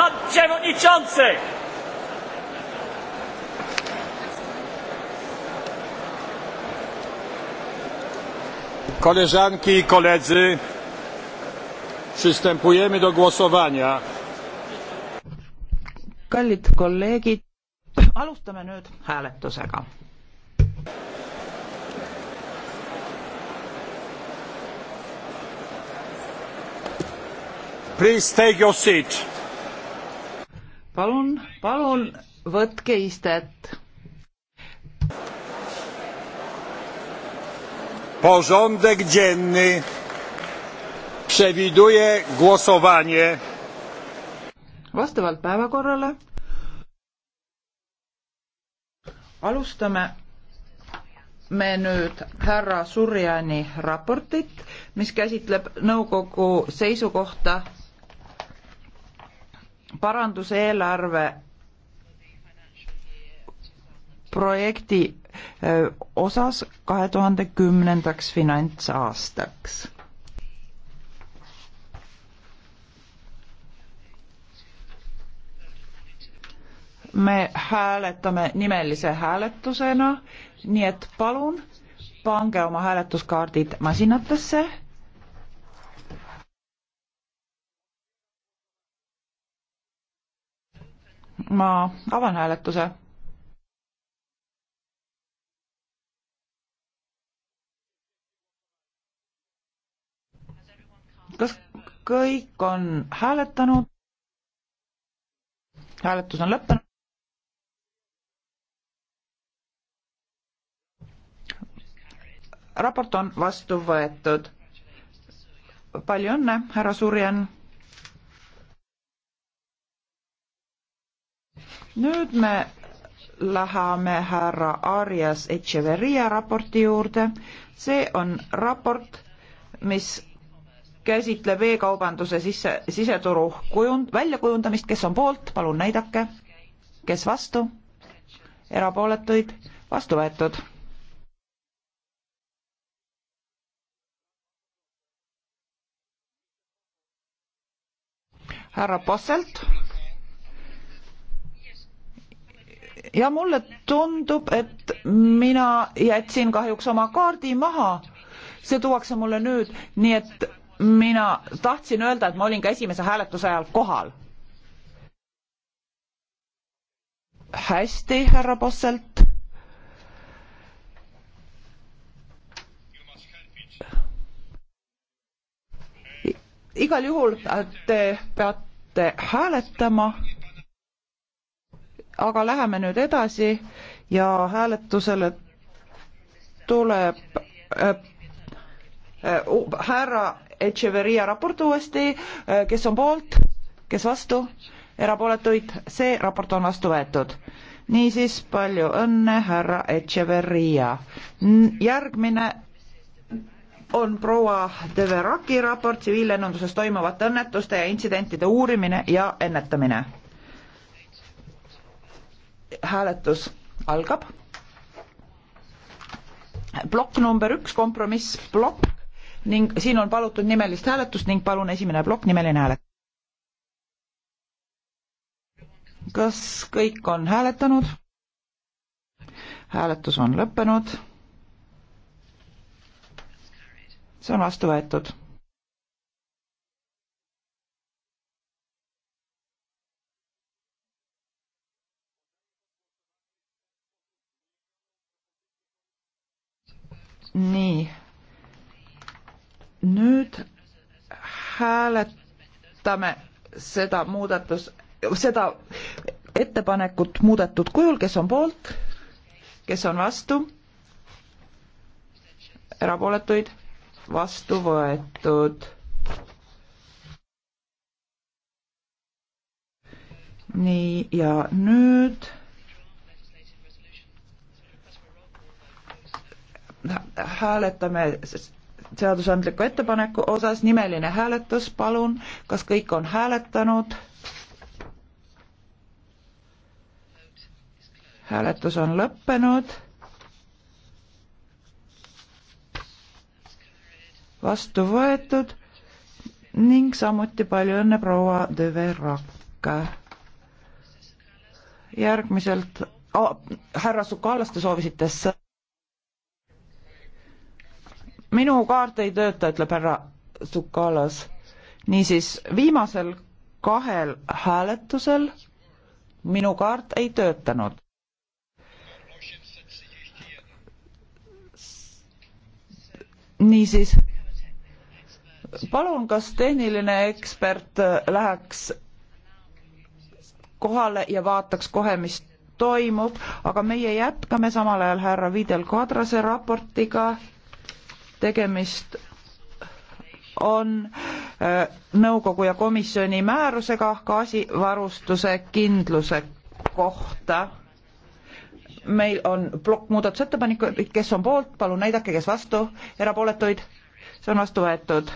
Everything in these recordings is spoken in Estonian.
Pan Przewodniczący! Koleżanki i koledzy, przystępujemy do głosowania. Kallid kolleegid, alustame nüüd hääletusega. Please take your seat palun, palun võtke istet. Porządek dzienny przewiduje głosowanie. Vastavalt päevakorrale alustame me nüüd härra Surjani raportit, mis käsitleb nõukogu seisukohta paranduseelarve projekti osas kahe tuhande kümnendaks finantsaastaks. me hääletame nimelise hääletusena, nii et palun pange oma hääletuskaardid masinatesse ma avan hääletuse. kas kõik on hääletanud? hääletus on lõppenud. raport on vastu võetud. palju õnne, härra Surjan nüüd me läheme härra Arias Echeveria raporti juurde. see on raport, mis käsitleb e-kaubanduse sisse, siseturu kujund, väljakujundamist, kes on poolt, palun näidake, kes vastu, erapooletuid, vastu võetud. härra Posselt ja mulle tundub, et mina jätsin kahjuks oma kaardi maha. see tuuakse mulle nüüd, nii et mina tahtsin öelda, et ma olin ka esimese hääletuse ajal kohal. hästi, härra Posselt. igal juhul te peate hääletama aga läheme nüüd edasi ja hääletusele tuleb äh, äh, härra Echeveria raport uuesti, äh, kes on poolt, kes vastu, erapooletuid, see raport on vastu võetud. niisiis, palju õnne, härra Echeveria. järgmine on proua Deveraki raport tsiviillennunduses toimuvate õnnetuste ja intsidentide uurimine ja ennetamine hääletus algab. plokk number üks, kompromiss plokk ning siin on palutud nimelist hääletust ning palun esimene plokk, nimeline hääletus. kas kõik on hääletanud? hääletus on lõppenud. see on vastu võetud nii, nüüd hääletame seda muudatus, seda ettepanekut muudetud kujul, kes on poolt, kes on vastu, erapooletuid, vastu võetud. nii, ja nüüd hääletame seadusandliku ettepaneku osas, nimeline hääletus, palun, kas kõik on hääletanud? hääletus on lõppenud. vastu võetud ning samuti palju õnne proua de Verrakke. järgmiselt oh,, härra Sukalast te soovisite minu kaart ei tööta, ütleb härra Sukalas. niisiis, viimasel kahel hääletusel minu kaart ei töötanud. niisiis, palun, kas tehniline ekspert läheks kohale ja vaataks kohe, mis toimub, aga meie jätkame samal ajal härra Videl Kadrase raportiga tegemist on äh, nõukogu ja komisjoni määrusega gaasivarustuse kindluse kohta. meil on plokk muudatusettepanekuid, kes on poolt, palun näidake, kes vastu, erapooletuid, see on vastu võetud.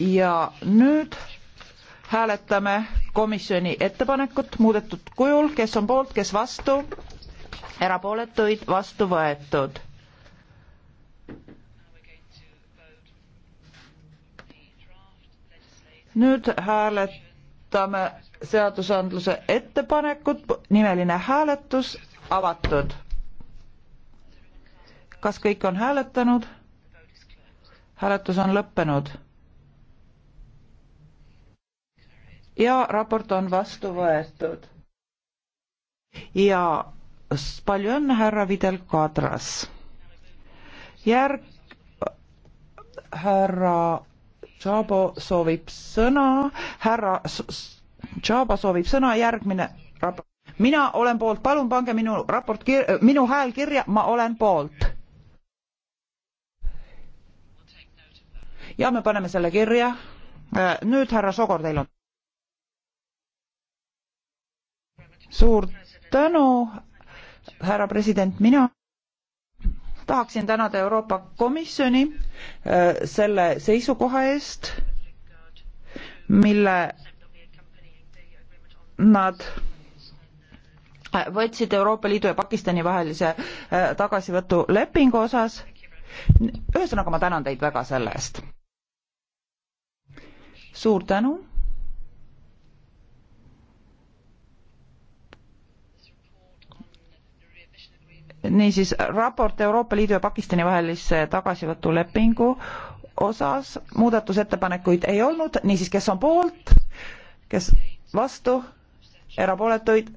ja nüüd hääletame komisjoni ettepanekut muudetud kujul, kes on poolt, kes vastu erapooletuid vastu võetud. nüüd hääletame seadusandluse ettepanekut, nimeline hääletus avatud. kas kõik on hääletanud? hääletus on lõppenud. ja raport on vastu võetud. ja palju õnne, härra Videl Kadras. järg, härra Tšabo soovib sõna, härra Tšaba soovib sõna, järgmine raport. mina olen poolt, palun pange minu raport, minu hääl kirja, ma olen poolt. ja me paneme selle kirja. Äh, nüüd härra Sogor, teil on. suur tänu, härra president, mina tahaksin tänada Euroopa Komisjoni äh, selle seisukoha eest, mille nad võtsid Euroopa Liidu ja Pakistani vahelise äh, tagasivõtulepingu osas. ühesõnaga, ma tänan teid väga selle eest. suur tänu niisiis raport Euroopa Liidu ja Pakistani vahelise tagasivõtulepingu osas muudatusettepanekuid ei olnud, niisiis kes on poolt, kes vastu, erapooletuid,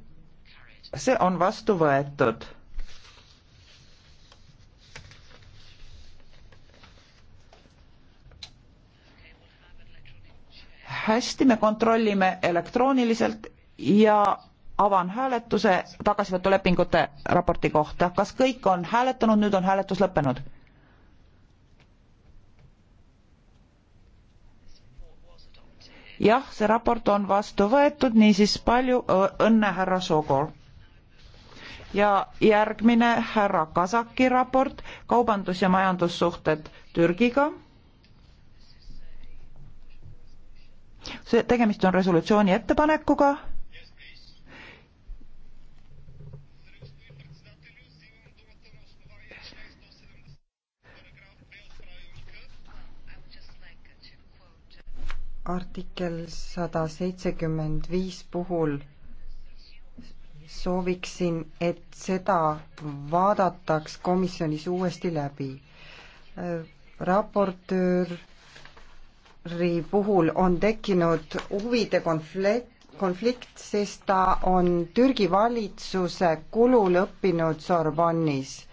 see on vastu võetud. hästi, me kontrollime elektrooniliselt ja avan hääletuse tagasivõtulepingute raporti kohta. kas kõik on hääletanud, nüüd on hääletus lõppenud? jah, see raport on vastu võetud, niisiis palju õnne, härra Sogol. ja järgmine härra Kasaki raport, kaubandus- ja majandussuhted Türgiga. see, tegemist on resolutsiooni ettepanekuga artikkel sada seitsekümmend viis puhul sooviksin, et seda vaadataks komisjonis uuesti läbi. raportööri puhul on tekkinud huvide konflikt, konflikt, sest ta on Türgi valitsuse kulul õppinud Sorbonnis.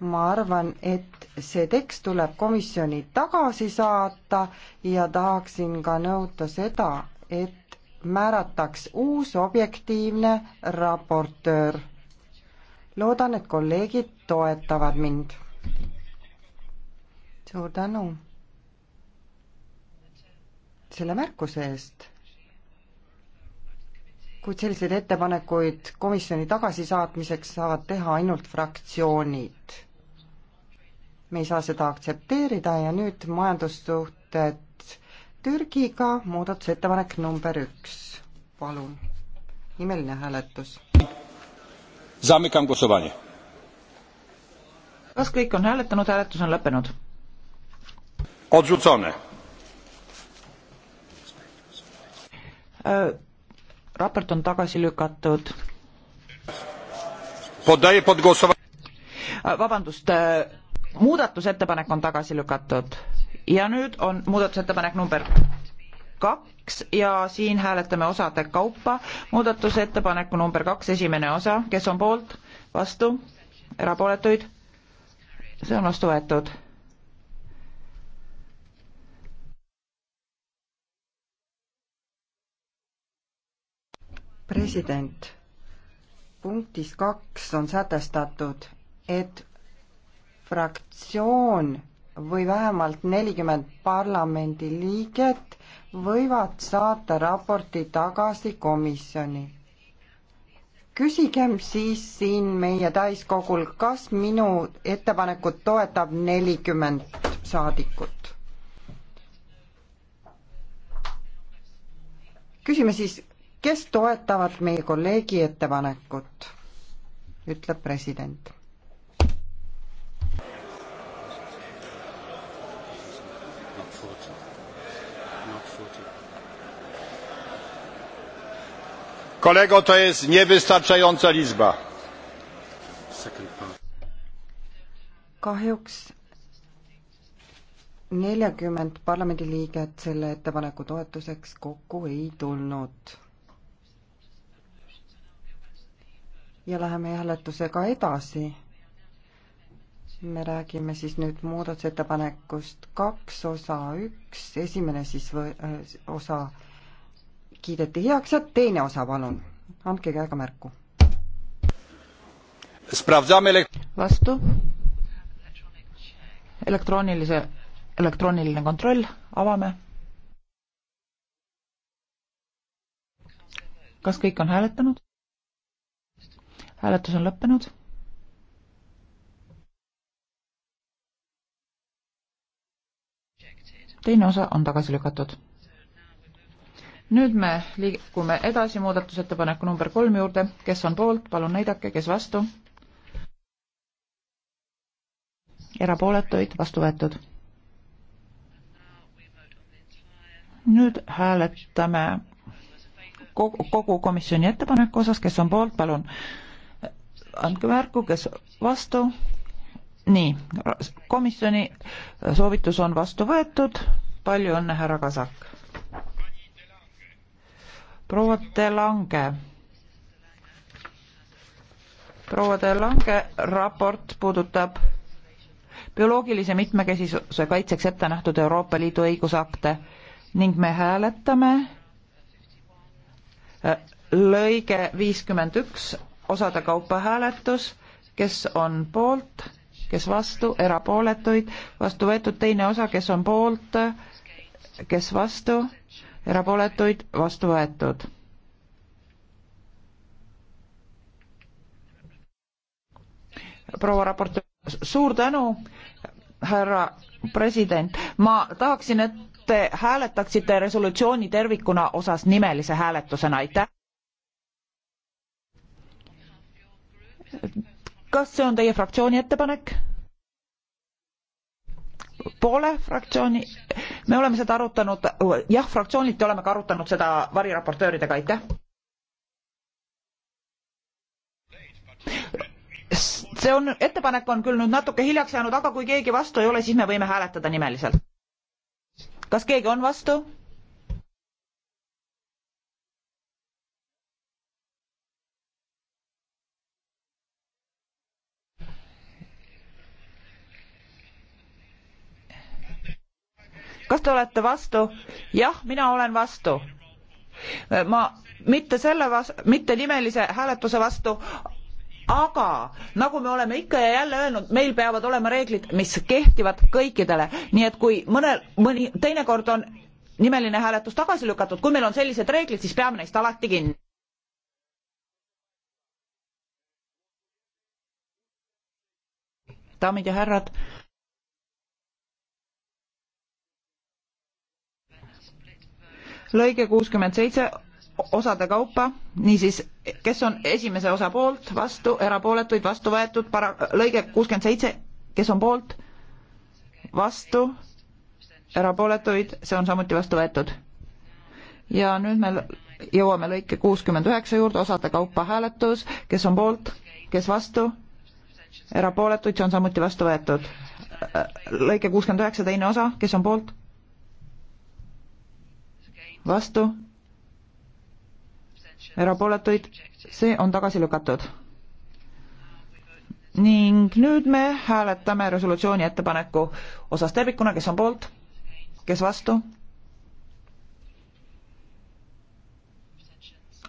ma arvan, et see tekst tuleb komisjoni tagasi saata ja tahaksin ka nõuda seda, et määrataks uus objektiivne raportöör. loodan, et kolleegid toetavad mind. suur tänu selle märkuse eest. kuid selliseid ettepanekuid komisjoni tagasisaatmiseks saavad teha ainult fraktsioonid me ei saa seda aktsepteerida ja nüüd majandussuhted Türgiga, muudatusettepanek number üks, palun, nimeline hääletus. kas kõik on hääletanud, hääletus on lõppenud? Odrzucone. raport on tagasi lükatud. vabandust muudatusettepanek on tagasi lükatud ja nüüd on muudatusettepanek number kaks ja siin hääletame osade kaupa muudatusettepaneku number kaks esimene osa, kes on poolt, vastu, erapooletuid, see on vastu võetud. president, punktis kaks on sätestatud, et fraktsioon või vähemalt nelikümmend parlamendiliiget võivad saata raporti tagasi komisjoni. küsigem siis siin meie täiskogul, kas minu ettepanekut toetab nelikümmend saadikut. küsime siis, kes toetavad meie kolleegi ettepanekut, ütleb president kolego to jest niewystarczająca liczba. kahjuks neljakümmend parlamendiliiget selle ettepaneku toetuseks kokku ei tulnud. ja läheme hääletusega edasi. me räägime siis nüüd muudatusettepanekust kaks osa üks, esimene siis või, äh, osa kiideti heaks ja teine osa, palun. andke käega märku. vastu. elektroonilise, elektrooniline kontroll, avame. kas kõik on hääletanud? hääletus on lõppenud teine osa on tagasi lükatud nüüd me liigume edasi muudatusettepaneku number kolm juurde, kes on poolt, palun näidake, kes vastu. erapooletuid, vastu võetud. nüüd hääletame kogu, kogu komisjoni ettepaneku osas, kes on poolt, palun andke märku, kes vastu. nii, komisjoni soovitus on vastu võetud, palju õnne, härra Kasak proua De Lange. proua De Lange raport puudutab bioloogilise mitmekesisuse kaitseks ette nähtud Euroopa Liidu õigusakte ning me hääletame äh, lõige viiskümmend üks osade kaupa hääletus, kes on poolt, kes vastu, erapooletuid, vastu võetud teine osa, kes on poolt, kes vastu erapooletuid vastu võetud. proua raportöör, suur tänu, härra president, ma tahaksin, et te hääletaksite resolutsiooni tervikuna osas nimelise hääletusena, aitäh. kas see on teie fraktsiooni ettepanek? poole fraktsiooni, me oleme seda arutanud, jah, fraktsiooniti oleme ka arutanud seda variraportööridega, aitäh. see on, ettepanek on küll nüüd natuke hiljaks jäänud, aga kui keegi vastu ei ole, siis me võime hääletada nimeliselt. kas keegi on vastu? kas te olete vastu? jah, mina olen vastu. ma mitte selle vas-, mitte nimelise hääletuse vastu, aga nagu me oleme ikka ja jälle öelnud, meil peavad olema reeglid, mis kehtivad kõikidele, nii et kui mõnel, mõni, teinekord on nimeline hääletus tagasi lükatud, kui meil on sellised reeglid, siis peame neist alati kinni. daamid ja härrad. lõige kuuskümmend seitse osade kaupa, niisiis, kes on esimese osa poolt, vastu, erapooletuid, vastu võetud, para-, lõige kuuskümmend seitse, kes on poolt, vastu, erapooletuid, see on samuti vastu võetud. ja nüüd me jõuame lõike kuuskümmend üheksa juurde, osade kaupa hääletus, kes on poolt, kes vastu, erapooletuid, see on samuti vastu võetud. lõike kuuskümmend üheksa, teine osa, kes on poolt vastu, erapooletuid, see on tagasi lükatud. ning nüüd me hääletame resolutsiooni ettepaneku osas tervikuna, kes on poolt, kes vastu,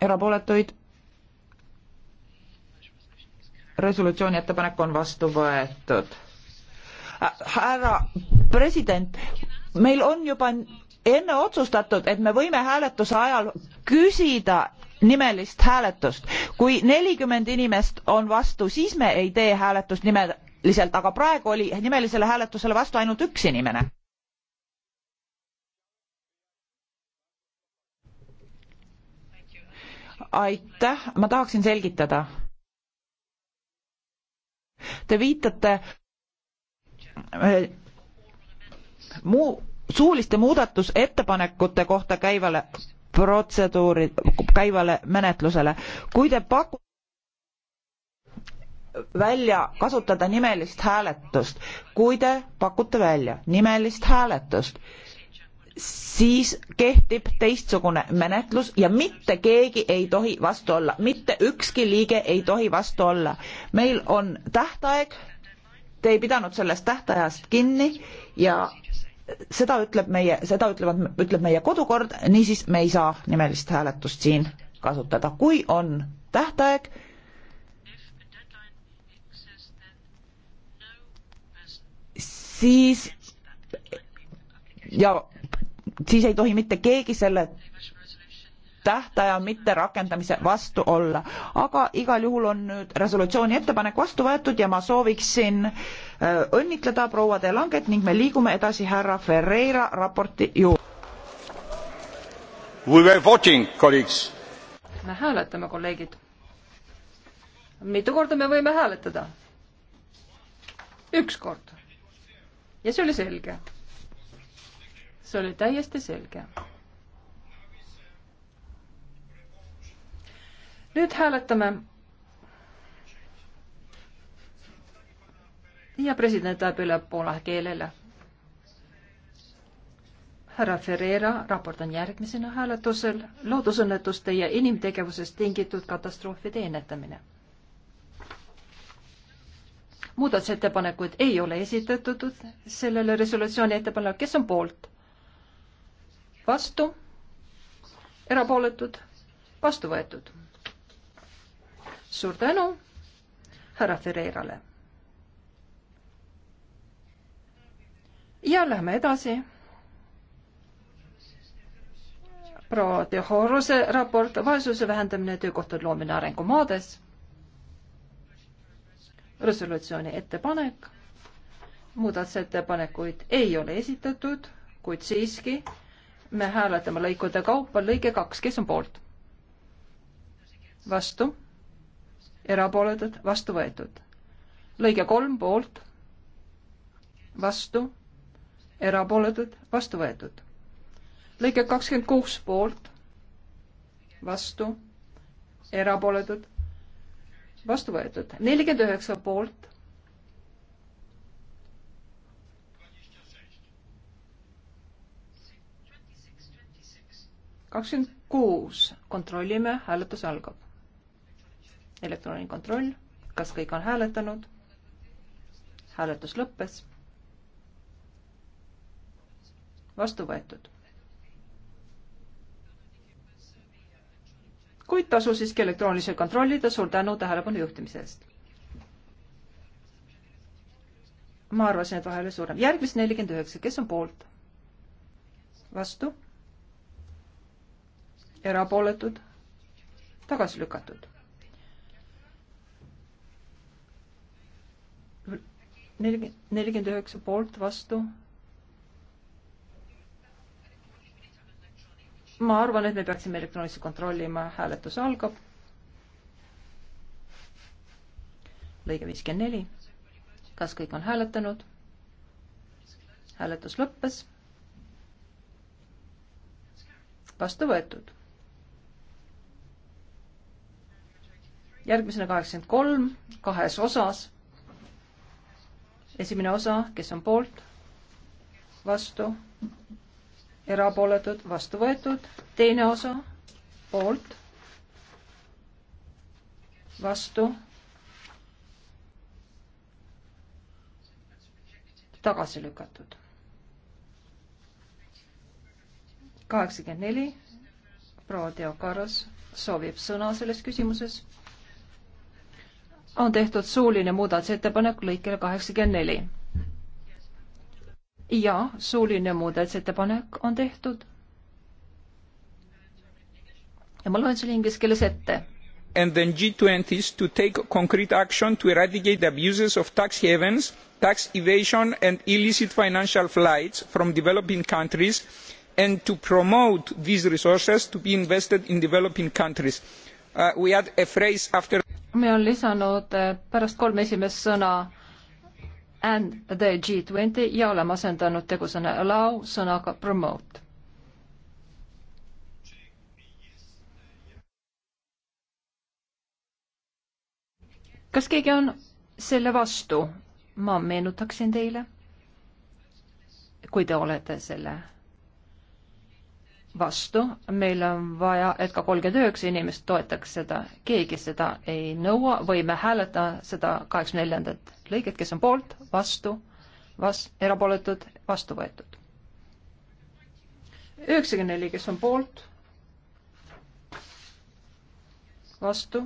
erapooletuid, resolutsiooni ettepanek on vastu võetud. Äh, härra president, meil on juba enne otsustatud et me võime hääletuse ajal küsida nimelist hääletust kui nelikümmend inimest on vastu siis me ei tee hääletust nimeliselt aga praegu oli nimelisele hääletusele vastu ainult üks inimene aitäh ma tahaksin selgitada te viitate äh, muu suuliste muudatusettepanekute kohta käivale protseduuri, käivale menetlusele. kui te pakute välja kasutada nimelist hääletust, kui te pakute välja nimelist hääletust, siis kehtib teistsugune menetlus ja mitte keegi ei tohi vastu olla, mitte ükski liige ei tohi vastu olla. meil on tähtaeg, te ei pidanud sellest tähtajast kinni ja seda ütleb meie, seda ütlevad, ütleb meie kodukord, niisiis me ei saa nimelist hääletust siin kasutada, kui on tähtaeg, siis ja siis ei tohi mitte keegi selle tähtaja mitterakendamise vastu olla. aga igal juhul on nüüd resolutsiooni ettepanek vastu võetud ja ma sooviksin äh, õnnitleda proua De Langet ning me liigume edasi härra Ferreira raporti juurde. We were voting, colleagues. me hääletame, kolleegid. mitu korda me võime hääletada? üks kord. ja see oli selge. see oli täiesti selge. nüüd hääletame. ja president läheb üle poola keelele. härra Ferreira raport on järgmisena hääletusel loodusõnnetuste ja inimtegevusest tingitud katastroofide ennetamine. muudatusettepanekuid ei ole esitatud sellele resolutsiooni ettepanekule, kes on poolt? vastu? erapooletud? vastu võetud suur tänu härra Ferreirale. ja lähme edasi. proua De Horose raport Vaesuse vähendamine, töökohtade loomine arengumaades. resolutsiooni ettepanek. muudatusettepanekuid ei ole esitatud, kuid siiski me hääletame lõikude kaupa, lõige kaks, kes on poolt? vastu erapooletud, vastu võetud. lõige kolm poolt, vastu, erapooletud, vastu võetud. lõige kakskümmend kuus poolt, vastu, erapooletud, vastu võetud. nelikümmend üheksa poolt, kakskümmend kuus, kontrollime, hääletus algab elektrooniline kontroll, kas kõik on hääletanud? hääletus lõppes. vastu võetud. kuid tasu siiski elektrooniliselt kontrollida, suur tänu tähelepanu juhtimise eest. ma arvasin, et vahele suurem. järgmist nelikümmend üheksa, kes on poolt? vastu? erapooletud? tagasi lükatud? nelikümmend, nelikümmend üheksa poolt, vastu. ma arvan, et me peaksime elektrooniliselt kontrollima, hääletus algab. lõige viiskümmend neli. kas kõik on hääletanud? hääletus lõppes. vastu võetud. järgmisena kaheksakümmend kolm kahes osas esimene osa, kes on poolt, vastu, erapooletud, vastu võetud, teine osa, poolt, vastu, tagasi lükatud. kaheksakümmend neli, proua Teo Karas soovib sõna selles küsimuses on tehtud suuline muudatusettepanek lõikele kaheksakümmend neli. ja suuline muudatusettepanek on tehtud. ja ma loen selle inglise keeles ette. And then G20s to take concrete action to eradicate abuses of tax havens, tax evasion and illicit financial flights from developing countries and to promote these resources to be invested in developing countries. Uh, we add a phrase after me on lisanud eh, pärast kolm esimest sõna and the G20 ja oleme asendanud tegusõna allow sõnaga promote. kas keegi on selle vastu? ma meenutaksin teile, kui te olete selle vastu, meil on vaja, et ka kolmkümmend üheksa inimest toetaks seda, keegi seda ei nõua, võime hääletada seda kaheksakümne neljandat lõiget, kes on poolt, vastu, vas-, erapooletud, vastu võetud. üheksakümne neli, kes on poolt, vastu,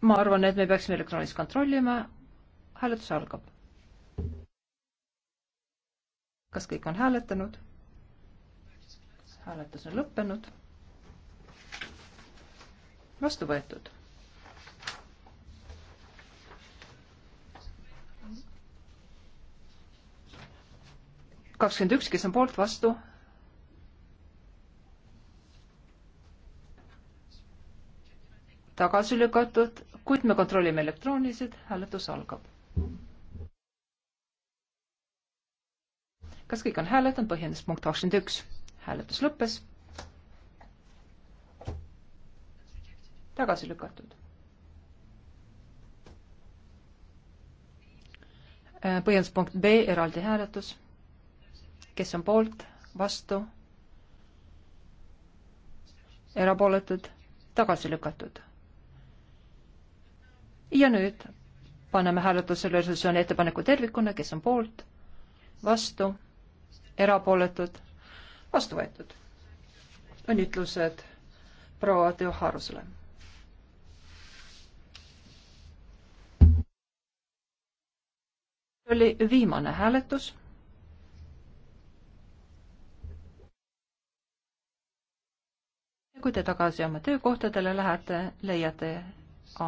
ma arvan, et me peaksime elektrooniliselt kontrollima, hääletus algab kas kõik on hääletanud? hääletus on lõppenud. vastu võetud. kakskümmend üks, kes on poolt, vastu. tagasi lükatud, kuid me kontrollime elektrooniliselt, hääletus algab. kas kõik on hääletanud, põhjendus punkt kakskümmend üks. hääletus lõppes. tagasi lükatud. Äh, põhjendus punkt B, eraldi hääletus. kes on poolt, vastu, erapooletud, tagasi lükatud. ja nüüd paneme hääletusele resolutsiooni ettepaneku tervikuna, kes on poolt, vastu erapooletud, vastu võetud. õnnitlused proua Teo Harusele. oli viimane hääletus kui te tagasi oma töökohtadele lähete, leiate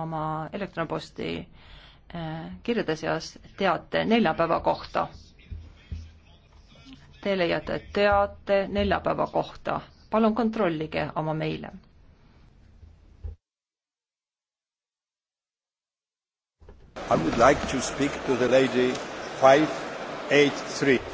oma elektronposti eh, kirjade seas teate neljapäeva kohta Te leiate teate neljapäeva kohta. palun kontrollige oma meile. I would like to speak to the lady five eight three.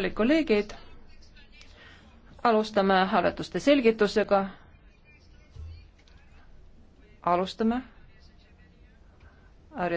kallid kolleegid, alustame hääletuste selgitusega. alustame